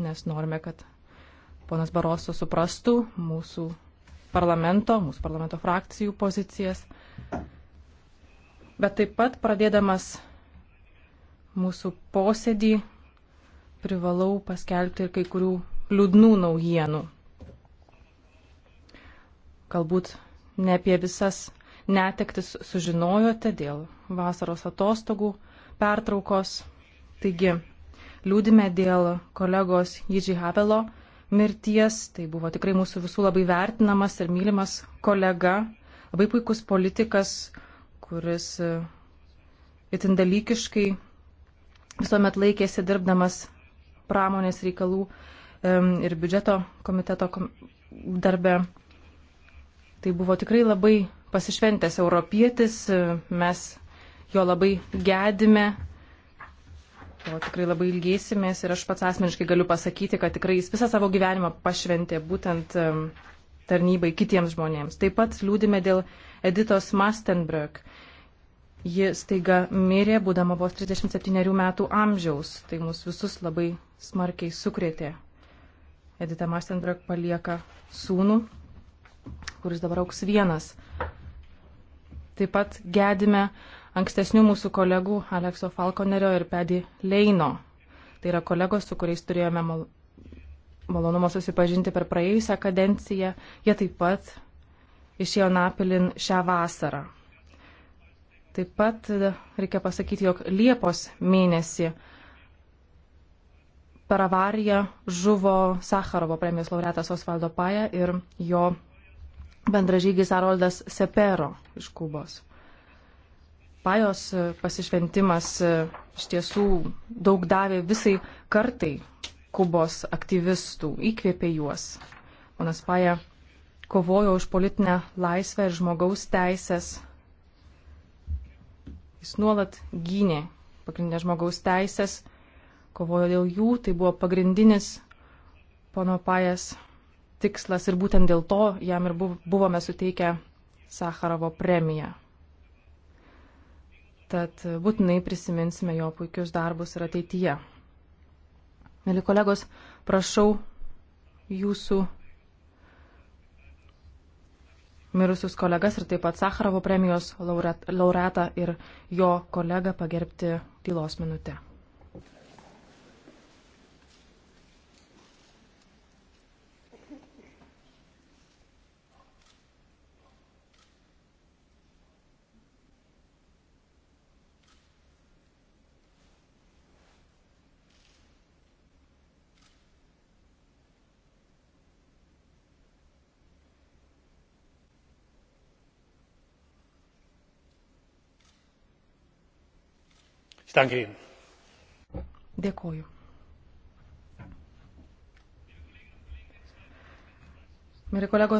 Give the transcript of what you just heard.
nes norime, kad ponas Baroso suprastų mūsų parlamento, mūsų parlamento frakcijų pozicijas. Bet taip pat pradėdamas mūsų posėdį privalau paskelbti ir kai kurių liūdnų naujienų. Galbūt ne apie visas netektis sužinojote dėl vasaros atostogų pertraukos. Taigi, liūdime dėl kolegos Jidži Havelo mirties. Tai buvo tikrai mūsų visų labai vertinamas ir mylimas kolega, labai puikus politikas, kuris e, itin dalykiškai visuomet laikėsi dirbdamas pramonės reikalų e, ir biudžeto komiteto darbe. Tai buvo tikrai labai pasišventęs europietis, e, mes jo labai gedime to tikrai labai ilgėsimės ir aš pats asmeniškai galiu pasakyti, kad tikrai jis visą savo gyvenimą pašventė būtent tarnybai kitiems žmonėms. Taip pat liūdime dėl Editos Mastenbrück. Ji staiga mirė, būdama vos 37 metų amžiaus. Tai mus visus labai smarkiai sukrėtė. Edita Mastenbrück palieka sūnų, kuris dabar auks vienas. Taip pat gedime uh, ankstesnių mūsų kolegų Alekso Falkonerio ir Pedi Leino. Tai yra kolegos, su kuriais turėjome mal malonumo susipažinti per praėjusią kadenciją. Jie taip pat išėjo Napilin šią vasarą. Taip pat e, reikia pasakyti, jog Liepos mėnesį per avariją žuvo Sakharovo premijos laureatas Osvaldo Paja ir jo bendražygis Aroldas Sepero iš Kubos. Pajos e, pasišventimas e, iš tiesų daug davė visai kartai Kubos aktyvistų, įkvėpė juos. Ponas Paja kovojo už politinę laisvę ir žmogaus teisės. Jis nuolat gynė pagrindinės žmogaus teisės, kovojo dėl jų, tai buvo pagrindinis pono Pajas tikslas ir būtent dėl to jam ir buvome suteikę Sakarovo premiją tad būtinai prisiminsime jo puikius darbus ir ateityje. Mėly kolegos, prašau jūsų mirusius kolegas ir taip pat Sakharovo premijos laureatą ir jo kolegą pagerbti tylos minutę. Ich danke Ihnen. Dėkoju. Mėly kolegos,